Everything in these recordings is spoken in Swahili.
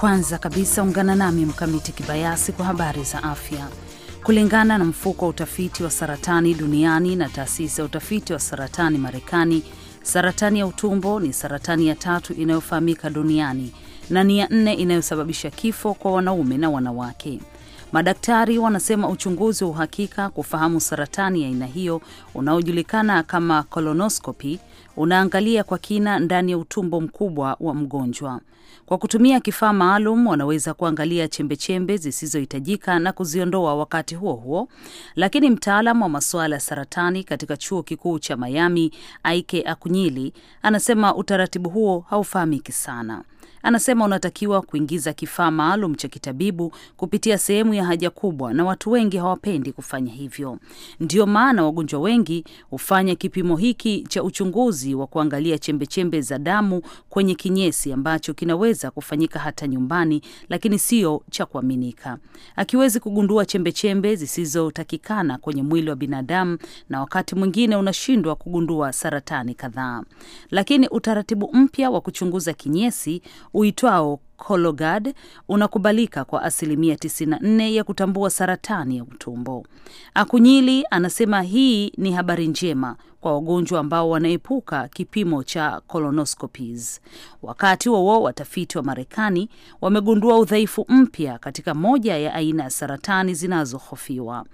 Kwanza kabisa ungana nami Mkamiti Kibayasi kwa habari za afya. Kulingana na mfuko wa utafiti wa saratani duniani na taasisi ya utafiti wa saratani Marekani, saratani ya utumbo ni saratani ya tatu inayofahamika duniani na ni ya nne inayosababisha kifo kwa wanaume na wanawake. Madaktari wanasema uchunguzi wa uhakika kufahamu saratani ya aina hiyo unaojulikana kama colonoscopy unaangalia kwa kina ndani ya utumbo mkubwa wa mgonjwa. Kwa kutumia kifaa maalum, wanaweza kuangalia chembechembe zisizohitajika na kuziondoa wakati huo huo. Lakini mtaalam wa masuala ya saratani katika chuo kikuu cha Miami, Aike Akunyili, anasema utaratibu huo haufahamiki sana. Anasema unatakiwa kuingiza kifaa maalum cha kitabibu kupitia sehemu ya haja kubwa, na watu wengi hawapendi kufanya hivyo. Ndiyo maana wagonjwa wengi hufanya kipimo hiki cha uchunguzi wa kuangalia chembechembe za damu kwenye kinyesi, ambacho kinaweza kufanyika hata nyumbani, lakini sio cha kuaminika. Akiwezi kugundua chembechembe zisizotakikana kwenye mwili wa binadamu, na wakati mwingine unashindwa kugundua saratani kadhaa. Lakini utaratibu mpya wa kuchunguza kinyesi uitwao Cologuard unakubalika kwa asilimia 94 ya kutambua saratani ya utumbo. Akunyili anasema hii ni habari njema kwa wagonjwa ambao wanaepuka kipimo cha colonoscopies. Wakati wa watafiti wa Marekani wamegundua udhaifu mpya katika moja ya aina ya saratani zinazohofiwa.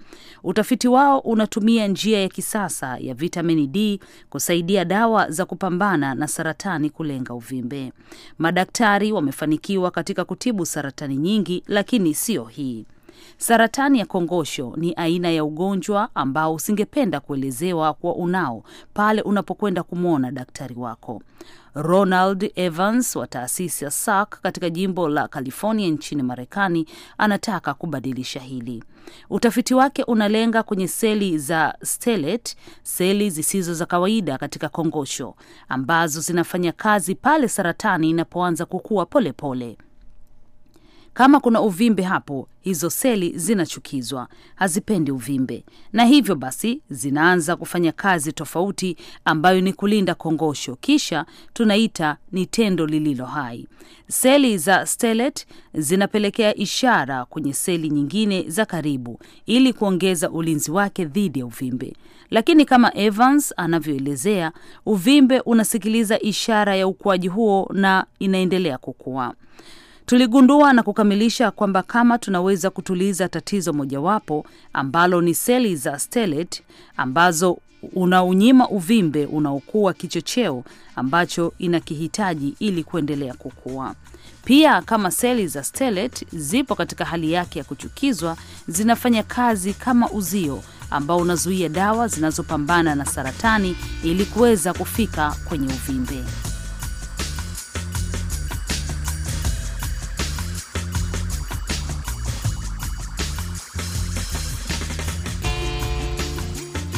Utafiti wao unatumia njia ya kisasa ya vitamini D kusaidia dawa za kupambana na saratani kulenga uvimbe. Madaktari wamefanikiwa imefanikiwa katika kutibu saratani nyingi, lakini siyo hii. Saratani ya kongosho ni aina ya ugonjwa ambao usingependa kuelezewa kwa unao pale unapokwenda kumwona daktari wako. Ronald Evans wa taasisi ya SAC katika jimbo la California nchini Marekani anataka kubadilisha hili. Utafiti wake unalenga kwenye seli za stelet seli zisizo za kawaida katika kongosho ambazo zinafanya kazi pale saratani inapoanza kukua polepole pole. Kama kuna uvimbe hapo, hizo seli zinachukizwa, hazipendi uvimbe, na hivyo basi zinaanza kufanya kazi tofauti ambayo ni kulinda kongosho, kisha tunaita ni tendo lililo hai. Seli za stellate zinapelekea ishara kwenye seli nyingine za karibu ili kuongeza ulinzi wake dhidi ya uvimbe. Lakini kama Evans anavyoelezea, uvimbe unasikiliza ishara ya ukuaji huo na inaendelea kukua. Tuligundua na kukamilisha kwamba kama tunaweza kutuliza tatizo mojawapo ambalo ni seli za stelet ambazo unaunyima uvimbe unaokuwa kichocheo ambacho inakihitaji ili kuendelea kukua. Pia kama seli za stelet zipo katika hali yake ya kuchukizwa, zinafanya kazi kama uzio ambao unazuia dawa zinazopambana na saratani ili kuweza kufika kwenye uvimbe.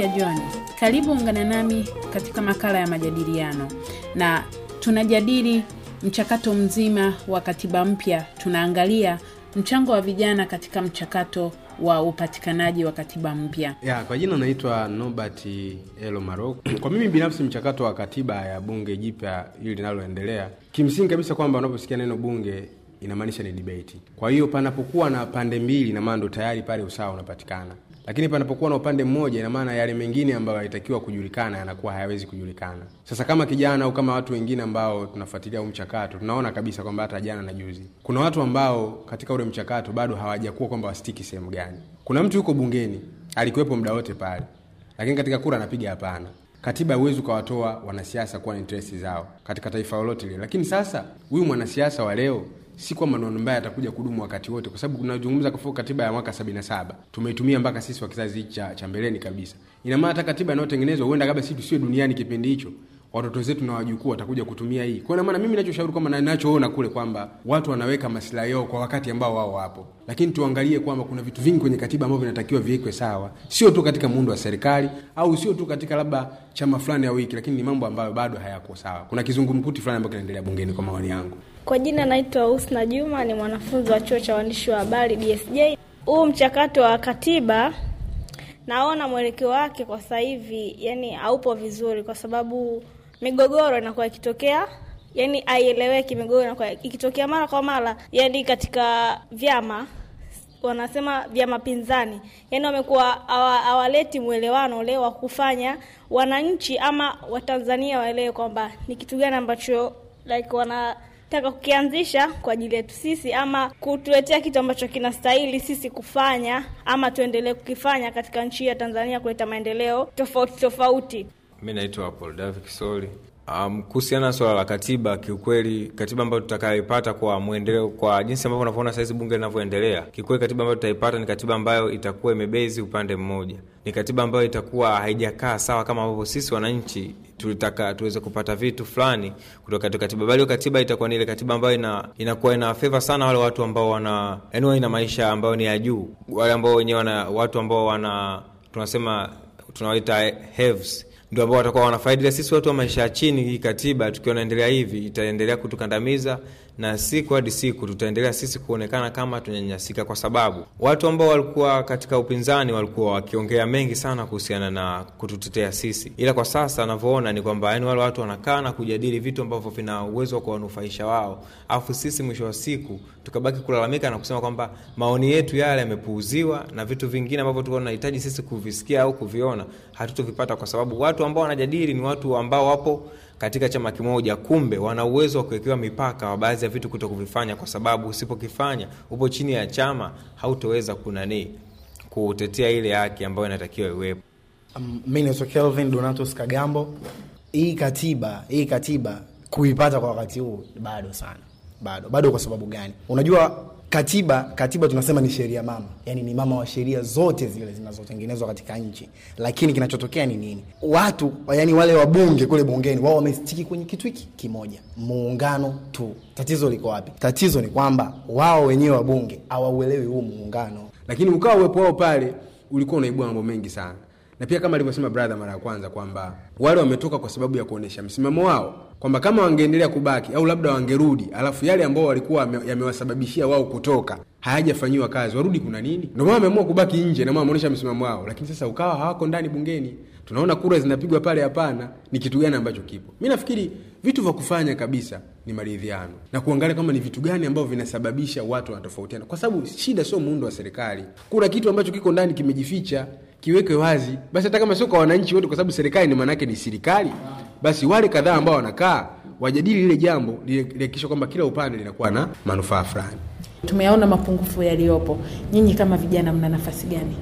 ya John. Karibu ungana nami katika makala ya majadiliano, na tunajadili mchakato mzima wa katiba mpya. Tunaangalia mchango wa vijana katika mchakato wa upatikanaji wa katiba mpya. Ya, kwa jina naitwa Nobert Elo Maroko. Kwa mimi binafsi, mchakato wa katiba ya bunge jipya hili linaloendelea, kimsingi kabisa kwamba unaposikia neno bunge inamaanisha ni debate. Kwa hiyo panapokuwa na pande mbili, na maana ndo tayari pale usawa unapatikana lakini panapokuwa na upande mmoja, ina maana yale mengine ambayo yalitakiwa kujulikana yanakuwa hayawezi kujulikana. Sasa kama kijana au kama watu wengine ambao tunafuatilia huu mchakato, tunaona kabisa kwamba hata jana na juzi kuna watu ambao katika ule mchakato bado hawajakuwa kwamba wastiki sehemu gani. Kuna mtu yuko bungeni, alikuwepo muda wote pale, lakini katika kura anapiga hapana. Katiba huwezi ukawatoa wanasiasa kuwa na interesi zao katika taifa lolote lile, lakini sasa huyu mwanasiasa wa leo si kwamba maneno mbaya yatakuja kudumu wakati wote, kwa sababu tunazungumza kwa katiba ya mwaka 77 tumeitumia mpaka sisi wa kizazi cha cha mbeleni kabisa. Ina maana hata katiba inayotengenezwa huenda kabla sisi tusiwe duniani kipindi hicho watoto zetu na wajukuu watakuja kutumia hii. Kwa maana mimi ninachoshauri kwamba nachoona ninachoona kule kwamba watu wanaweka maslahi yao kwa wakati ambao wao wapo, lakini tuangalie kwamba kuna vitu vingi kwenye katiba ambavyo vinatakiwa viwekwe sawa, sio tu katika muundo wa serikali au sio tu katika labda chama fulani ya wiki, lakini ni mambo ambayo bado hayako sawa. Kuna kizungumkuti fulani ambacho kinaendelea bungeni, kwa maoni yangu. Kwa jina naitwa Husna Juma, ni mwanafunzi wa chuo cha waandishi wa habari DSJ. Huu mchakato wa katiba naona mwelekeo wake kwa sasa hivi, yani haupo vizuri, kwa sababu migogoro inakuwa ikitokea yani aieleweki. Migogoro inakuwa ikitokea mara kwa mara, yani katika vyama wanasema vyama pinzani, yani wamekuwa hawaleti mwelewano ule wa kufanya wananchi ama Watanzania waelewe kwamba ni kitu gani ambacho like wanataka kukianzisha kwa ajili yetu sisi ama kutuletea kitu ambacho kinastahili sisi kufanya ama tuendelee kukifanya katika nchi ya Tanzania kuleta maendeleo tofauti tofauti. Mi naitwa Paul David Kisoli. Um, kuhusiana na swala la katiba, kiukweli katiba ambayo tutakayoipata kwa mwendeleo, kwa jinsi ambavyo unavyoona saizi bunge linavyoendelea, kiukweli katiba ambayo tutaipata ni katiba ambayo itakuwa imebezi upande mmoja, ni katiba ambayo itakuwa haijakaa sawa kama ambavyo sisi wananchi tulitaka tuweze kupata vitu fulani kutoka katika katiba, bali katiba itakuwa ni ile katiba ambayo ina, inakuwa ina feva sana wale watu ambao wana yaani wana maisha ambayo ni ya juu, wale ambao wenyewe wana watu ambao wana tunasema tunawaita haves ndio ambao watakuwa wanafaidi. Sisi watu wa maisha ya chini, hii katiba tukiwa naendelea hivi itaendelea kutukandamiza na siku hadi siku tutaendelea sisi kuonekana kama tunanyanyasika, kwa sababu watu ambao walikuwa katika upinzani walikuwa wakiongea mengi sana kuhusiana na kututetea sisi, ila kwa sasa anavyoona ni kwamba yani wale watu wanakaa na kujadili vitu ambavyo vina uwezo wa kuwanufaisha wao, alafu sisi mwisho wa siku tukabaki kulalamika na kusema kwamba maoni yetu yale yamepuuziwa na vitu vingine ambavyo tulikuwa tunahitaji sisi kuvisikia au kuviona hatutovipata kwa sababu watu ambao wanajadili ni watu ambao wapo katika chama kimoja, kumbe wana uwezo wa kuwekewa mipaka wa baadhi ya vitu kuto kuvifanya, kwa sababu usipokifanya upo chini ya chama, hautoweza kunani kutetea ile haki ambayo inatakiwa iwepo. Um, mi naitwa Kelvin Donatus Kagambo. Hii katiba hii katiba kuipata kwa wakati huu bado sana, bado bado. Kwa sababu gani? Unajua Katiba, katiba tunasema ni sheria mama, yani ni mama wa sheria zote zile zinazotengenezwa katika nchi. Lakini kinachotokea ni nini? Watu yani wale wabunge kule bungeni, wao wamestiki kwenye kitu hiki kimoja, muungano tu. Tatizo liko wapi? Tatizo ni kwamba wao wenyewe wabunge hawauelewi huu muungano, lakini ukawa uwepo wao pale ulikuwa unaibua mambo mengi sana na pia kama alivyosema brother mara ya kwanza kwamba wale wametoka kwa sababu ya kuonesha msimamo wao kwamba kama wangeendelea kubaki au labda wangerudi, alafu yale ambao walikuwa yamewasababishia wao kutoka hayajafanyiwa kazi, warudi kuna nini? Ndio maana wameamua kubaki nje na wameonyesha msimamo wao, lakini sasa ukawa hawako ndani bungeni, tunaona kura zinapigwa pale. Hapana, ni kitu gani ambacho kipo? Mi nafikiri vitu vya kufanya kabisa ni maridhiano na kuangalia kama ni vitu gani ambavyo vinasababisha watu wanatofautiana, kwa sababu shida sio muundo wa serikali. Kuna kitu ambacho kiko ndani kimejificha kiwekwe wazi basi, hata kama sio kwa wananchi wote, kwa sababu serikali ni maanake ni serikali, basi wale kadhaa ambao wanakaa wajadili lile jambo, lihakikisha kwamba kila upande linakuwa na manufaa fulani. Tumeyaona mapungufu yaliyopo, nyinyi kama vijana mna nafasi gani?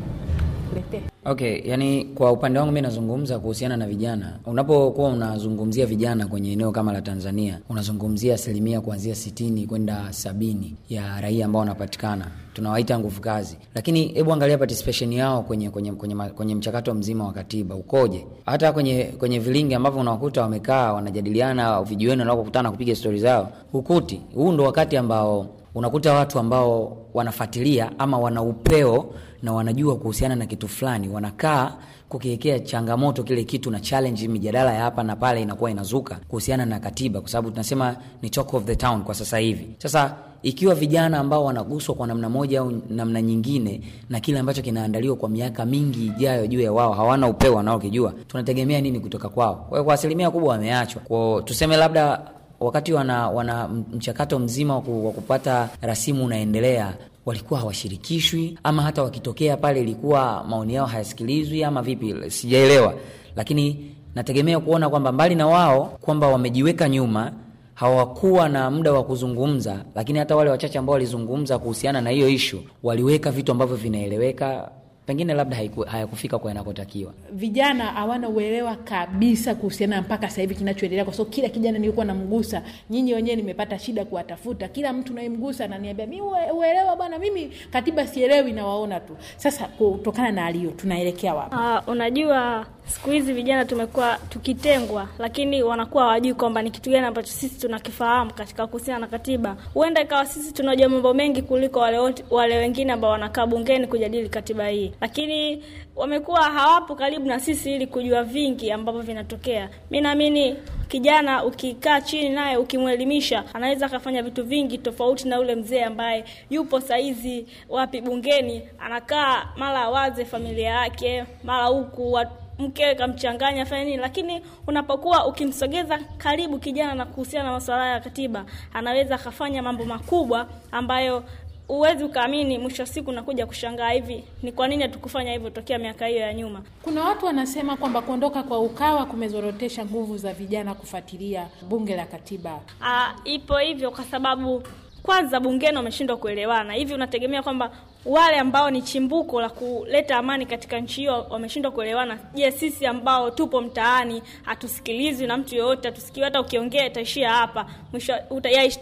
kuletea Okay, yani kwa upande wangu mi nazungumza kuhusiana na vijana. Unapokuwa unazungumzia vijana kwenye eneo kama la Tanzania, unazungumzia asilimia kuanzia sitini kwenda sabini ya raia ambao wanapatikana tunawaita nguvu kazi, lakini hebu angalia patisipesheni yao kwenye, kwenye, kwenye, kwenye mchakato mzima wa katiba ukoje, hata kwenye kwenye vilingi ambavyo unawakuta wamekaa wanajadiliana vijiweni, wanaokutana kupiga stori zao, hukuti huu ndo wakati ambao unakuta watu ambao wanafuatilia ama wana upeo na wanajua kuhusiana na kitu fulani, wanakaa kukiekea changamoto kile kitu na challenge, mijadala ya hapa na pale inakuwa inazuka kuhusiana na katiba, kwa sababu tunasema ni talk of the town kwa sasa hivi. Sasa ikiwa vijana ambao wanaguswa kwa namna moja au namna nyingine na kile ambacho kinaandaliwa kwa miaka mingi ijayo juu ya wao, hawana upeo wanaokijua, tunategemea nini kutoka kwao? Kwa hiyo kwa asilimia kubwa wameachwa kwao, tuseme labda wakati wana, wana mchakato mzima wa kupata rasimu unaendelea walikuwa hawashirikishwi ama hata wakitokea pale ilikuwa maoni yao hayasikilizwi ama vipi, sijaelewa. Lakini nategemea kuona kwamba mbali na wao kwamba wamejiweka nyuma, hawakuwa na muda wa kuzungumza, lakini hata wale wachache ambao walizungumza kuhusiana na hiyo ishu waliweka vitu ambavyo vinaeleweka pengine labda hayakufika kwa inakotakiwa. Vijana hawana uelewa kabisa kuhusiana mpaka sasa hivi kinachoendelea, kwa sababu kila kijana nilikuwa namgusa, nyinyi wenyewe nimepata shida kuwatafuta, kila mtu naimgusa ananiambia mi uelewa bwana, mimi katiba sielewi, nawaona tu. Sasa kutokana na aliyo tunaelekea wapi? Uh, unajua siku hizi vijana tumekuwa tukitengwa, lakini wanakuwa hawajui kwamba ni kitu gani ambacho sisi tunakifahamu katika kuhusiana na katiba. Huenda ikawa sisi tunajua mambo mengi kuliko wale, wale wengine ambao wanakaa bungeni kujadili katiba hii lakini wamekuwa hawapo karibu na sisi ili kujua vingi ambavyo vinatokea. Mi naamini kijana ukikaa chini naye ukimwelimisha, anaweza akafanya vitu vingi tofauti na ule mzee ambaye yupo saizi wapi bungeni, anakaa mara awaze familia yake, mara huku mke kamchanganya fanya nini, lakini unapokuwa ukimsogeza karibu kijana na kuhusiana na masuala ya katiba, anaweza akafanya mambo makubwa ambayo Huwezi ukaamini, mwisho wa siku nakuja kushangaa hivi, ni kwa nini hatukufanya hivyo tokea miaka hiyo ya nyuma. Kuna watu wanasema kwamba kuondoka kwa Ukawa kumezorotesha nguvu za vijana kufuatilia bunge la katiba. Aa, ah, ipo hivyo kwa sababu kwanza bungeni wameshindwa kuelewana. Hivi unategemea kwamba wale ambao ni chimbuko la kuleta amani katika nchi hiyo wameshindwa kuelewana. Je, sisi ambao tupo mtaani hatusikilizwi na mtu yoyote, hatusikii Hata ukiongea itaishia hapa mwisho,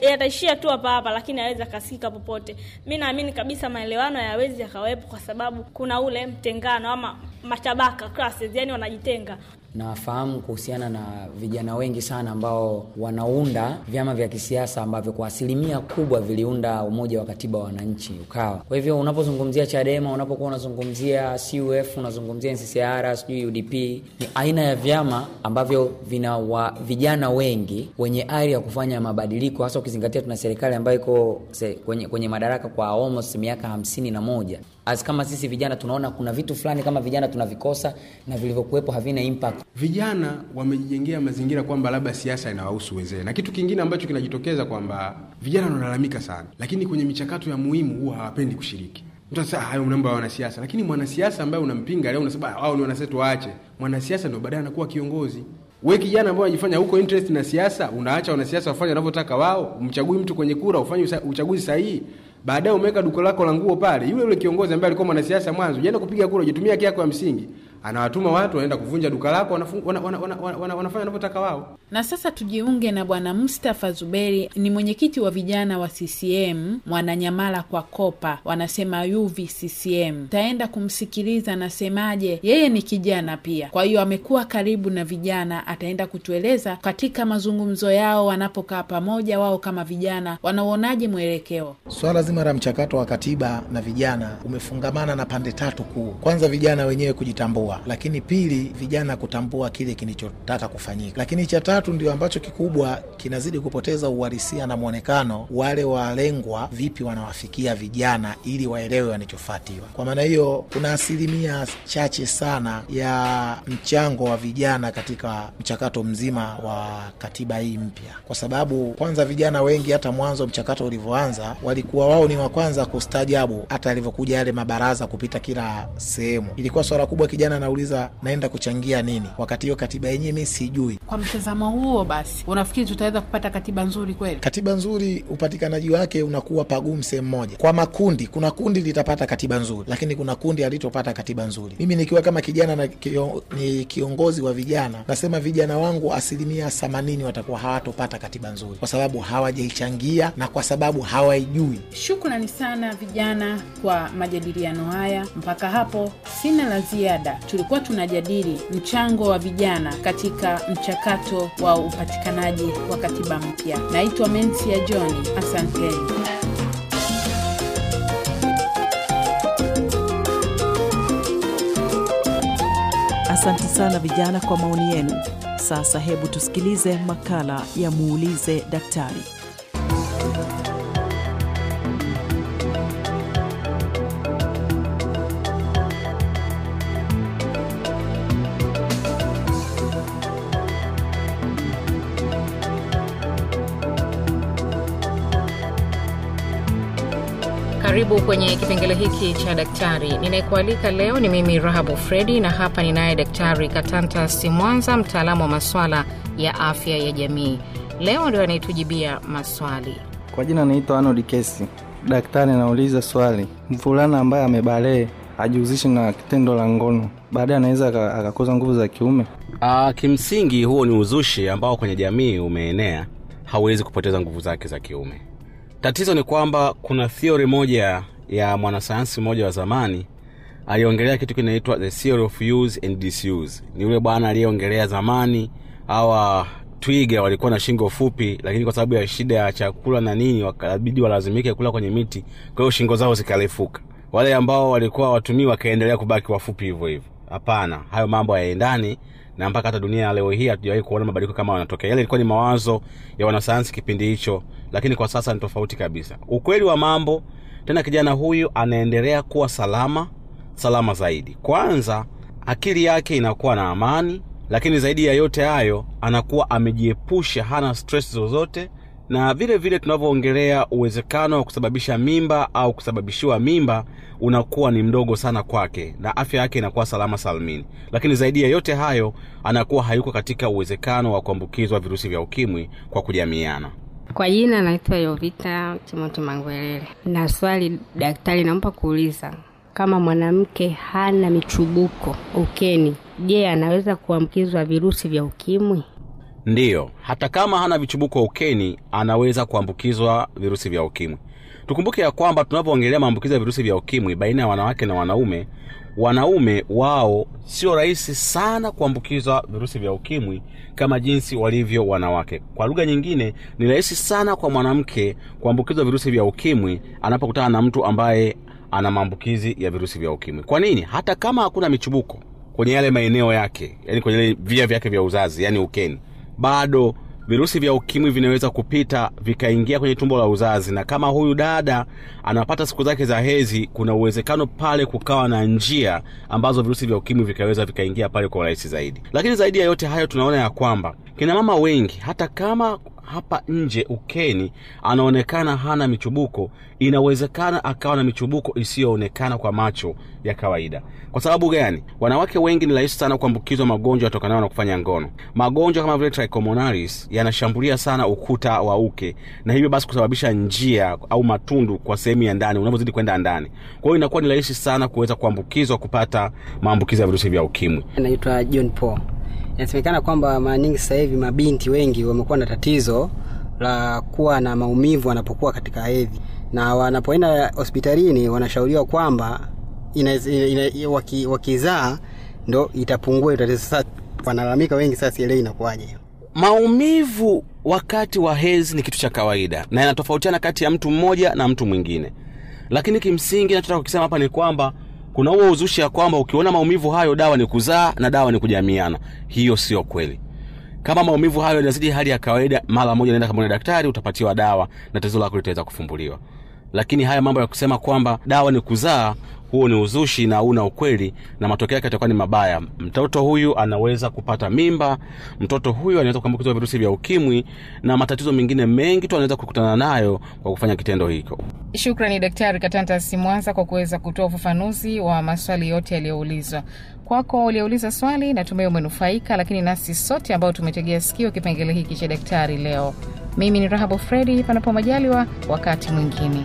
yataishia tu hapa hapa, lakini awezi akasikika popote. Mi naamini kabisa maelewano hayawezi yakawepo, kwa sababu kuna ule mtengano ama matabaka classes, yani wanajitenga nafahamu kuhusiana na vijana wengi sana ambao wanaunda vyama vya kisiasa ambavyo kwa asilimia kubwa viliunda umoja wa katiba wa wananchi ukawa. Kwa hivyo unapozungumzia Chadema, unapokuwa unazungumzia CUF, unazungumzia NCCR, sijui UDP, ni aina ya vyama ambavyo vina wa, vijana wengi wenye ari ya kufanya mabadiliko, hasa ukizingatia tuna serikali ambayo iko kwenye, kwenye madaraka kwa almost miaka hamsini na moja as kama sisi vijana tunaona kuna vitu fulani kama vijana tunavikosa na vilivyokuwepo havina impact. Vijana wamejijengea mazingira kwamba labda siasa inawahusu wazee, na kitu kingine ambacho kinajitokeza kwamba vijana wanalalamika sana, lakini kwenye michakato ya muhimu huwa hawapendi kushiriki. Mtu anasema ah, hayo mnamba wa wanasiasa, lakini mwanasiasa ambaye unampinga leo unasema ah, hao ni wanasiasa, waache. Mwanasiasa ndio baadaye anakuwa kiongozi. We kijana ambaye unajifanya huko interest na siasa, unaacha wanasiasa wafanye wanavyotaka wao, mchagui mtu kwenye kura, ufanye uchaguzi sahihi baadaye umeweka duka lako la nguo pale, yule yule kiongozi ambaye alikuwa mwanasiasa mwanzo, jana yaani kupiga kura, ujitumia haki yako ya msingi anawatuma watu wanaenda kuvunja duka lako, wanafanya wana, wana, wana, wana, wana wanavyotaka wao. Na sasa tujiunge na Bwana Mustafa Zuberi, ni mwenyekiti wa vijana wa CCM Mwananyamala kwa Kopa, wanasema yuvi CCM. Taenda kumsikiliza anasemaje, yeye ni kijana pia, kwa hiyo amekuwa karibu na vijana, ataenda kutueleza katika mazungumzo yao wanapokaa pamoja, wao kama vijana wanauonaje mwelekeo. Swala zima la mchakato wa katiba na vijana umefungamana na pande tatu kuu. Kwanza vijana wenyewe kujitambua kutambua, lakini pili, vijana kutambua kile kinichotaka kufanyika. Lakini cha tatu ndio ambacho kikubwa kinazidi kupoteza uhalisia na mwonekano, wale walengwa vipi wanawafikia vijana ili waelewe wanichofatiwa. Kwa maana hiyo, kuna asilimia chache sana ya mchango wa vijana katika mchakato mzima wa katiba hii mpya, kwa sababu kwanza vijana wengi hata mwanzo mchakato ulivyoanza walikuwa wao ni wa kwanza kustajabu, hata alivyokuja yale mabaraza kupita kila sehemu, ilikuwa swala kubwa kijana anauliza nauliza naenda kuchangia nini, wakati hiyo katiba yenyewe mi sijui. Kwa mtazamo huo basi, unafikiri tutaweza kupata katiba nzuri kweli? Katiba nzuri upatikanaji wake unakuwa pagumu sehemu moja, kwa makundi. Kuna kundi litapata katiba nzuri, lakini kuna kundi halitopata katiba nzuri. Mimi nikiwa kama kijana na kio, ni kiongozi wa vijana, nasema vijana wangu asilimia themanini watakuwa hawatopata katiba nzuri kwa sababu hawajaichangia na kwa sababu hawaijui. Shukrani sana vijana kwa majadiliano haya. Mpaka hapo sina la ziada tulikuwa tunajadili mchango wa vijana katika mchakato wa upatikanaji wa katiba mpya. Naitwa Mensia johni asanteni. Asante sana vijana kwa maoni yenu. Sasa hebu tusikilize makala ya Muulize Daktari. karibu kwenye kipengele hiki cha daktari. Ninayekualika leo ni mimi Rahabu Fredi, na hapa ninaye Daktari Katanta Simwanza, mtaalamu wa maswala ya afya ya jamii. Leo ndio anaetujibia maswali. Kwa jina naitwa Arnold Kesi. Daktari anauliza swali, mvulana ambaye amebalee ajihuzishi na kitendo la ngono baadaye anaweza akakosa nguvu za kiume? uh, kimsingi huo ni uzushi ambao kwenye jamii umeenea, hawezi kupoteza nguvu zake za kiume Tatizo ni kwamba kuna theory moja ya mwanasayansi mmoja wa zamani aliongelea kitu kinaitwa the theory of use and disuse. Ni yule bwana aliyeongelea zamani hawa twiga walikuwa na shingo fupi, lakini kwa sababu ya shida ya chakula na nini, wakabidi walazimike kula kwenye miti, kwa hiyo shingo zao zikarefuka. Wale ambao walikuwa watumii wakaendelea kubaki wafupi hivyo hivyo. Hapana, hayo mambo hayaendani na mpaka hata dunia ya leo hii hatujawahi kuona mabadiliko kama wanatokea Yale ilikuwa ni mawazo ya wanasayansi kipindi hicho, lakini kwa sasa ni tofauti kabisa. Ukweli wa mambo tena, kijana huyu anaendelea kuwa salama, salama zaidi. Kwanza akili yake inakuwa na amani, lakini zaidi ya yote hayo anakuwa amejiepusha, hana stress zozote, na vile vile tunavyoongelea uwezekano wa kusababisha mimba au kusababishiwa mimba unakuwa ni mdogo sana kwake, na afya yake inakuwa salama salmini. Lakini zaidi ya yote hayo anakuwa hayuko katika uwezekano wa kuambukizwa virusi vya ukimwi kwa kujamiana. Kwa jina naitwa Yovita Timothy Mangwelele, na swali daktari, naomba kuuliza kama mwanamke hana michubuko ukeni, je, anaweza kuambukizwa virusi vya ukimwi? Ndiyo, hata kama hana vichubuko ukeni anaweza kuambukizwa virusi vya ukimwi. Tukumbuke ya kwamba tunapoongelea maambukizi ya virusi vya ukimwi baina ya wanawake na wanaume, wanaume wao sio rahisi sana kuambukizwa virusi vya ukimwi kama jinsi walivyo wanawake kwa lugha nyingine ni rahisi sana kwa mwanamke kuambukizwa virusi vya ukimwi anapokutana na mtu ambaye ana maambukizi ya virusi vya ukimwi kwa nini hata kama hakuna michubuko kwenye yale maeneo yake yani kwenye via vyake vya uzazi yani ukeni bado virusi vya ukimwi vinaweza kupita vikaingia kwenye tumbo la uzazi, na kama huyu dada anapata siku zake za hezi kuna uwezekano pale kukawa na njia ambazo virusi vya ukimwi vikaweza vikaingia pale kwa urahisi zaidi. Lakini zaidi ya yote hayo, tunaona ya kwamba kina mama wengi hata kama hapa nje ukeni anaonekana hana michubuko, inawezekana akawa na michubuko isiyoonekana kwa macho ya kawaida. Kwa sababu gani? Wanawake wengi ni rahisi sana kuambukizwa magonjwa yatokanayo na kufanya ngono. Magonjwa kama vile trichomonaris yanashambulia sana ukuta wa uke, na hivyo basi kusababisha njia au matundu kwa sehemu ya ndani, unavyozidi kwenda ndani. Kwa hiyo inakuwa ni rahisi sana kuweza kuambukizwa, kupata maambukizi ya virusi vya ukimwi. Naitwa John Paul inasemekana kwamba mara nyingi sasa hivi mabinti wengi wamekuwa na tatizo la kuwa na maumivu wanapokuwa katika hedhi, na wanapoenda hospitalini wanashauriwa kwamba waki, wakizaa ndo itapungua hiyo tatizo. Sasa wanalalamika wengi, sasa sielewi inakuwaje. Maumivu wakati wa hedhi ni kitu cha kawaida na yanatofautiana kati ya mtu mmoja na mtu mwingine, lakini kimsingi nachotaka kukisema hapa ni kwamba kuna huo uzushi ya kwamba ukiona maumivu hayo dawa ni kuzaa na dawa ni kujamiana. Hiyo sio kweli. Kama maumivu hayo yanazidi hali ya kawaida, mara moja naenda kamwona daktari, utapatiwa dawa na tatizo lako litaweza kufumbuliwa. Lakini haya mambo ya kusema kwamba dawa ni kuzaa huo ni uzushi na una ukweli na matokeo yake yatakuwa ni mabaya mtoto huyu anaweza kupata mimba mtoto huyu anaweza kuambukizwa virusi vya ukimwi na matatizo mengine mengi tu anaweza kukutana nayo kwa kufanya kitendo hicho shukrani daktari katanta simwanza kwa kuweza kutoa ufafanuzi wa maswali yote yaliyoulizwa kwako uliouliza swali natumai umenufaika lakini nasi sote ambao tumetegea sikio kipengele hiki cha daktari leo mimi ni rahabu fredi panapo majaliwa wakati mwingine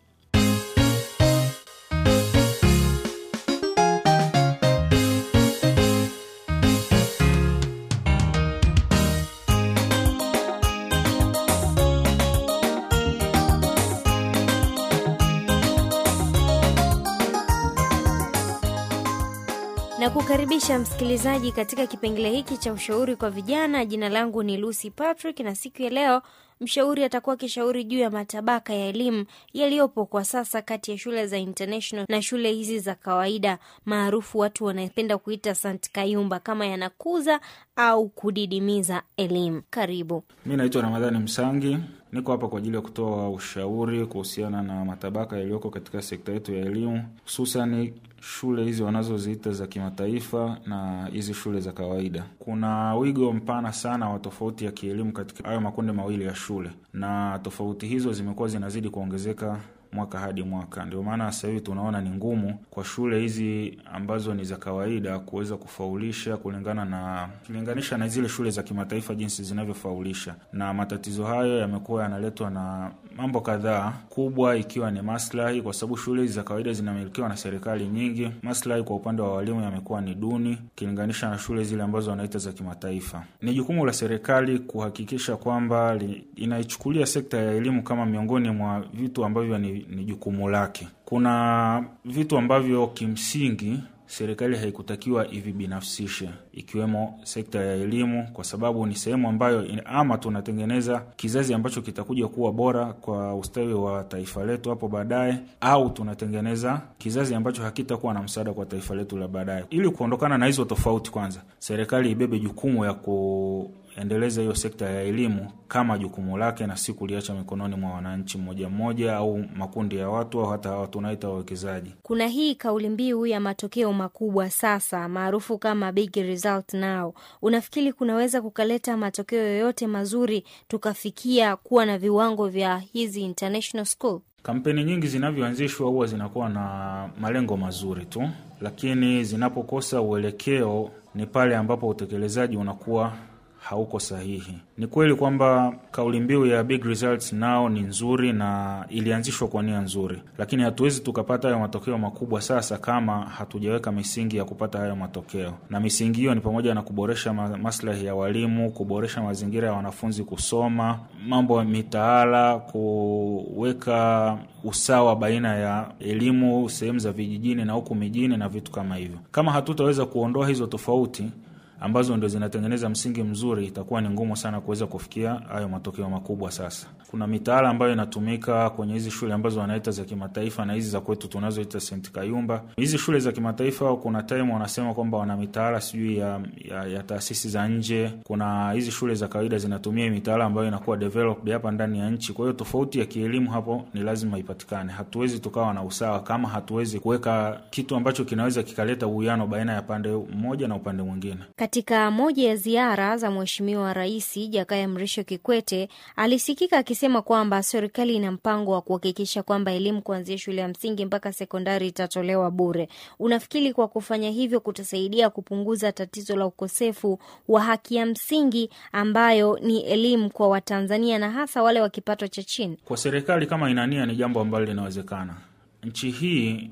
kukaribisha msikilizaji katika kipengele hiki cha ushauri kwa vijana. Jina langu ni Lucy Patrick, na siku ya leo mshauri atakuwa akishauri juu ya matabaka ya elimu yaliyopo kwa sasa kati ya shule za international na shule hizi za kawaida maarufu watu wanapenda kuita Sant Kayumba, kama yanakuza au kudidimiza elimu. Karibu. Mi naitwa Ramadhani Msangi, Niko hapa kwa ajili ya kutoa ushauri kuhusiana na matabaka yaliyoko katika sekta yetu ya elimu, hususani shule hizi wanazoziita za kimataifa na hizi shule za kawaida. Kuna wigo mpana sana wa tofauti ya kielimu katika hayo makundi mawili ya shule, na tofauti hizo zimekuwa zinazidi kuongezeka mwaka hadi mwaka. Ndio maana sasa hivi tunaona ni ngumu kwa shule hizi ambazo ni za kawaida kuweza kufaulisha kulingana na kulinganisha na zile shule za kimataifa jinsi zinavyofaulisha, na matatizo hayo yamekuwa yanaletwa na mambo kadhaa, kubwa ikiwa ni maslahi, kwa sababu shule hizi za kawaida zinamilikiwa na serikali nyingi. Maslahi kwa upande wa walimu yamekuwa ni duni ukilinganisha na shule zile ambazo wanaita za kimataifa. Ni jukumu la serikali kuhakikisha kwamba inaichukulia sekta ya elimu kama miongoni mwa vitu ambavyo ni, ni jukumu lake. Kuna vitu ambavyo kimsingi serikali haikutakiwa ivibinafsishe, ikiwemo sekta ya elimu, kwa sababu ni sehemu ambayo ama tunatengeneza kizazi ambacho kitakuja kuwa bora kwa ustawi wa taifa letu hapo baadaye, au tunatengeneza kizazi ambacho hakitakuwa na msaada kwa taifa letu la baadaye. Ili kuondokana na hizo tofauti, kwanza serikali ibebe jukumu ya ku kuendeleza hiyo sekta ya elimu kama jukumu lake na si kuliacha mikononi mwa wananchi mmoja mmoja au makundi ya watu au hata watu unaita wawekezaji. Kuna hii kauli mbiu ya matokeo makubwa sasa maarufu kama big result now. Unafikiri kunaweza kukaleta matokeo yoyote mazuri tukafikia kuwa na viwango vya hizi international school? Kampeni nyingi zinavyoanzishwa huwa zinakuwa na malengo mazuri tu, lakini zinapokosa uelekeo ni pale ambapo utekelezaji unakuwa hauko sahihi. Ni kweli kwamba kauli mbiu ya big results nao ni nzuri na ilianzishwa kwa nia nzuri, lakini hatuwezi tukapata hayo matokeo makubwa sasa kama hatujaweka misingi ya kupata hayo matokeo, na misingi hiyo ni pamoja na kuboresha maslahi ya walimu, kuboresha mazingira ya wanafunzi kusoma, mambo ya mitaala, kuweka usawa baina ya elimu sehemu za vijijini na huku mijini na vitu kama hivyo. Kama hatutaweza kuondoa hizo tofauti ambazo ndio zinatengeneza msingi mzuri, itakuwa ni ngumu sana kuweza kufikia hayo matokeo makubwa. Sasa kuna mitaala ambayo inatumika kwenye hizi shule ambazo wanaita za kimataifa na hizi za kwetu tunazoita St Kayumba. Hizi shule za kimataifa, kuna time wanasema kwamba wana mitaala sijui ya, ya, ya taasisi za nje. Kuna hizi shule za kawaida zinatumia mitaala ambayo inakuwa developed hapa ndani ya nchi. Kwa hiyo tofauti ya kielimu hapo ni lazima ipatikane. Hatuwezi tukawa na usawa kama hatuwezi kuweka kitu ambacho kinaweza kikaleta uwiano baina ya pande moja na upande mwingine. Katika moja ya ziara za Mheshimiwa Rais Jakaya Mrisho Kikwete, alisikika akisema kwamba serikali ina mpango wa kuhakikisha kwamba elimu kuanzia shule ya msingi mpaka sekondari itatolewa bure. Unafikiri kwa kufanya hivyo kutasaidia kupunguza tatizo la ukosefu wa haki ya msingi ambayo ni elimu kwa Watanzania na hasa wale wa kipato cha chini? Kwa serikali kama inania ni jambo ambalo linawezekana. Nchi hii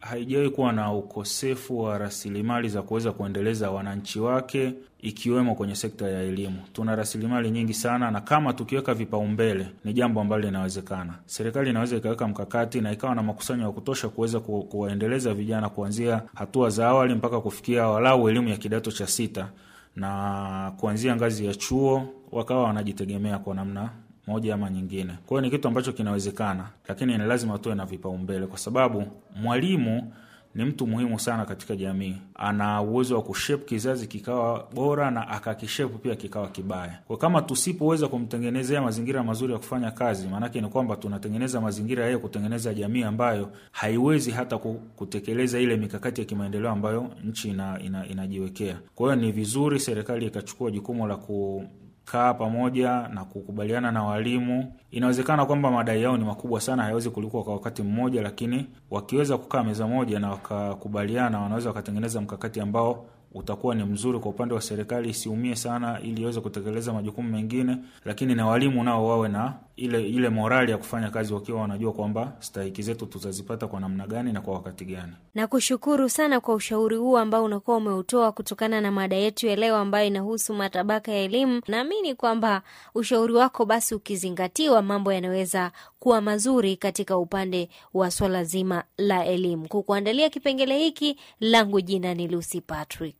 haijawahi kuwa na ukosefu wa rasilimali za kuweza kuendeleza wananchi wake ikiwemo kwenye sekta ya elimu. Tuna rasilimali nyingi sana, na kama tukiweka vipaumbele ni jambo ambalo linawezekana. Serikali inaweza ikaweka mkakati na ikawa na makusanyo ya kutosha kuweza kuwaendeleza vijana kuanzia hatua za awali mpaka kufikia walau elimu ya kidato cha sita, na kuanzia ngazi ya chuo wakawa wanajitegemea kwa namna moja ama nyingine. Kwa hiyo ni kitu ambacho kinawezekana, lakini ni lazima tuwe na vipaumbele, kwa sababu mwalimu ni mtu muhimu sana katika jamii. Ana uwezo wa kushepu kizazi kikawa bora na akakishep pia kikawa kibaya. Kwa kama tusipoweza kumtengenezea mazingira mazuri ya kufanya kazi, maanake ni kwamba tunatengeneza mazingira yeye kutengeneza jamii ambayo haiwezi hata kutekeleza ile mikakati ya kimaendeleo ambayo nchi ina, ina, inajiwekea. Kwa hiyo ni vizuri serikali ikachukua jukumu la ku kukaa pamoja na kukubaliana na walimu. Inawezekana kwamba madai yao ni makubwa sana, hayawezi kulikuwa kwa wakati mmoja, lakini wakiweza kukaa meza moja na wakakubaliana, wanaweza wakatengeneza mkakati ambao utakuwa ni mzuri kwa upande wa serikali isiumie sana, ili iweze kutekeleza majukumu mengine, lakini na walimu nao wawe na ile ile morali ya kufanya kazi wakiwa wanajua kwamba stahiki zetu tutazipata kwa namna gani na kwa wakati gani. Na kushukuru sana kwa ushauri huu ambao unakuwa umeutoa kutokana na mada yetu ya leo ambayo inahusu matabaka ya elimu. Naamini kwamba ushauri wako basi ukizingatiwa, mambo yanaweza kuwa mazuri katika upande wa swala zima la elimu. Kukuandalia kipengele hiki, langu jina ni Lucy Patrick.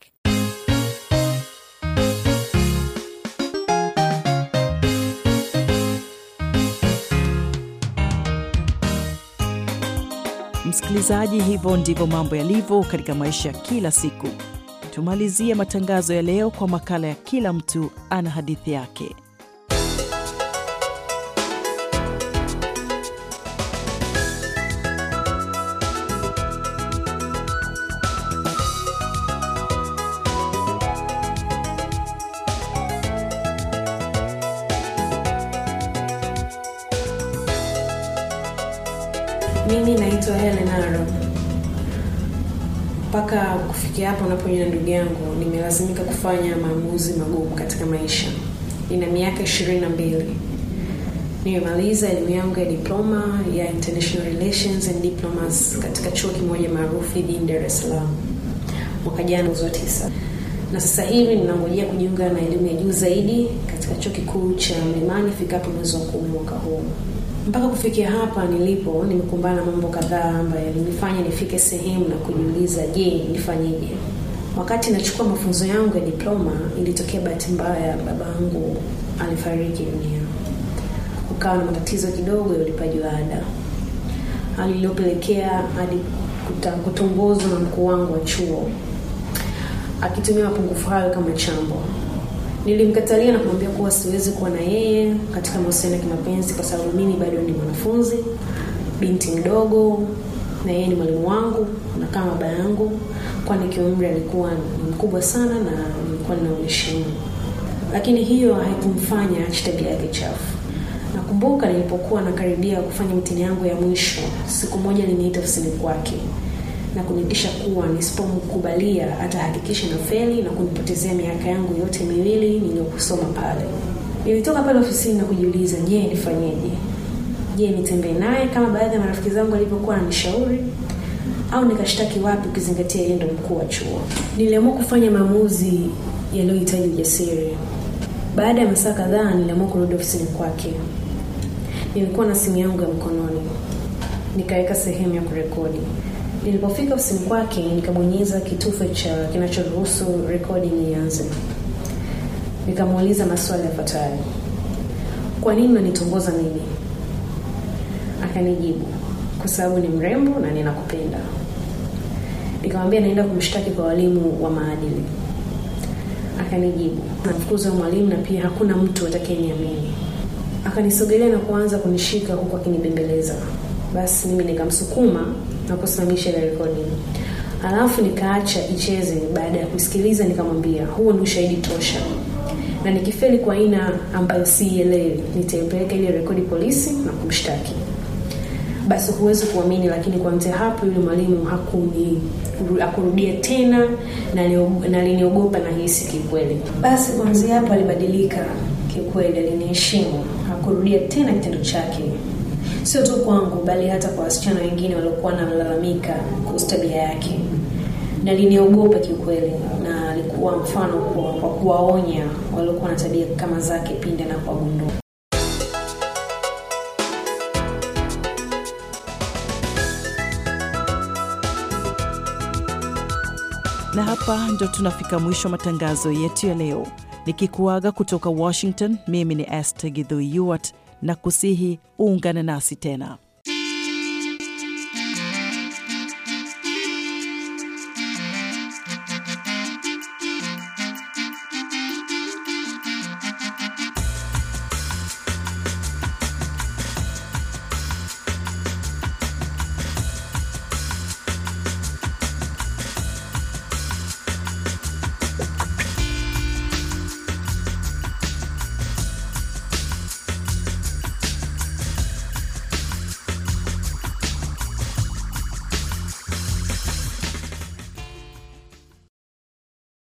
Msikilizaji, hivyo ndivyo mambo yalivyo katika maisha ya kila siku. Tumalizie matangazo ya leo kwa makala ya kila mtu ana hadithi yake. mpaka kufikia hapo unapoja ndugu yangu, nimelazimika kufanya maamuzi magumu katika maisha. Nina miaka ishirini na mbili. Nimemaliza elimu yangu ya diploma ya International Relations and Diplomas katika chuo kimoja maarufu jijini Dar es Salaam mwaka jana uzo tisa, na sasa hivi ninangojea kujiunga na elimu ya juu zaidi katika chuo kikuu cha Mlimani fikapo mwezi wa kumi mwaka huu. Mpaka kufikia hapa nilipo, nimekumbana na mambo kadhaa ambayo yalinifanya nifike sehemu na kujiuliza, je, nifanyije Wakati nachukua mafunzo yangu ya diploma, ilitokea bahati mbaya, babangu alifariki dunia. Kukawa na matatizo kidogo ya ulipaji wa ada, hali iliyopelekea hadi kutongozwa na mkuu wangu wa chuo, akitumia mapungufu hayo kama chambo Nilimkatalia na kumwambia kuwa siwezi kuwa na yeye katika mahusiano ya kimapenzi kwa sababu mimi bado ni mwanafunzi, binti mdogo, na yeye ni mwalimu wangu na kama baba yangu, kwani kiumri alikuwa ni mkubwa sana na nilikuwa ninamheshimu. Lakini hiyo haikumfanya ache yake chafu. Nakumbuka nilipokuwa nakaribia kufanya mitini yangu ya mwisho, siku moja aliniita ofisini kwake na kuniakisha kuwa nisipomkubalia atahakikisha na feli na kunipotezea miaka yangu yote miwili niliyokusoma pale. Nilitoka pale ofisini na kujiuliza, je, nifanyeje? Je, nitembee naye kama baadhi ya marafiki zangu walivyokuwa wananishauri au nikashtaki wapi, ukizingatia yeye ndo mkuu wa chuo? Niliamua kufanya maamuzi yaliyohitaji ujasiri. Baada ya masaa kadhaa, niliamua kurudi ofisini kwake. Nilikuwa na simu yangu ya mkononi, nikaweka sehemu ya kurekodi. Nilipofika usimu kwake, nikabonyeza kitufe cha kinachoruhusu recording ianze. Nikamuuliza maswali yafuatayo: kwa nini unanitongoza mimi? Akanijibu, kwa sababu ni mrembo na ninakupenda. Nikamwambia naenda kumshtaki kwa walimu wa maadili. Akanijibu, namfukuza mwalimu na pia hakuna mtu atakayeniamini. Akanisogelea na kuanza kunishika huku akinibembeleza. Basi mimi nikamsukuma na kusimamisha ile recording. Alafu nikaacha icheze. Baada ya kusikiliza, nikamwambia huo ni ushahidi tosha, na nikifeli kwa aina ambayo siielewi, nitaipeleka ile rekodi polisi na kumshtaki. Basi huwezi kuamini, lakini kuanzia hapo yule mwalimu hakuni akurudia tena, na aliniogopa na hisi kikweli. Basi kuanzia hapo alibadilika kikweli, aliniheshimu, hakurudia tena kitendo chake sio tu kwangu, bali hata kwa wasichana wengine waliokuwa namlalamika kuhusu tabia yake, na liniogopa kiukweli, na alikuwa mfano kwa kuwaonya waliokuwa na tabia kama zake na kuwagundua Na hapa ndo tunafika mwisho matangazo yetu ya leo, nikikuaga kutoka Washington. Mimi ni este gidhuiyuat Yuart na kusihi uungane nasi tena.